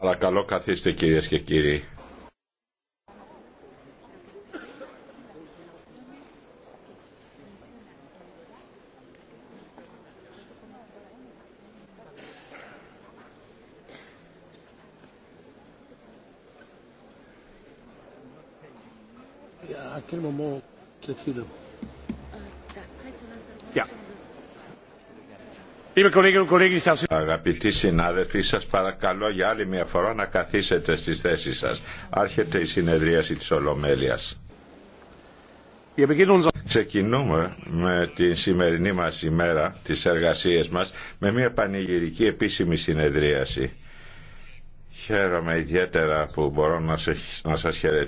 Παρακαλώ καθίστε κυρίες και κύριοι. Αγαπητοί συνάδελφοι, σας παρακαλώ για άλλη μια φορά να καθίσετε στις θέσεις σας. Άρχεται η συνεδρίαση της Ολομέλειας. Ξεκινούμε με την σημερινή μας ημέρα, τις εργασίες μας, με μια πανηγυρική επίσημη συνεδρίαση. Χαίρομαι ιδιαίτερα που μπορώ να σας χαιρετήσω.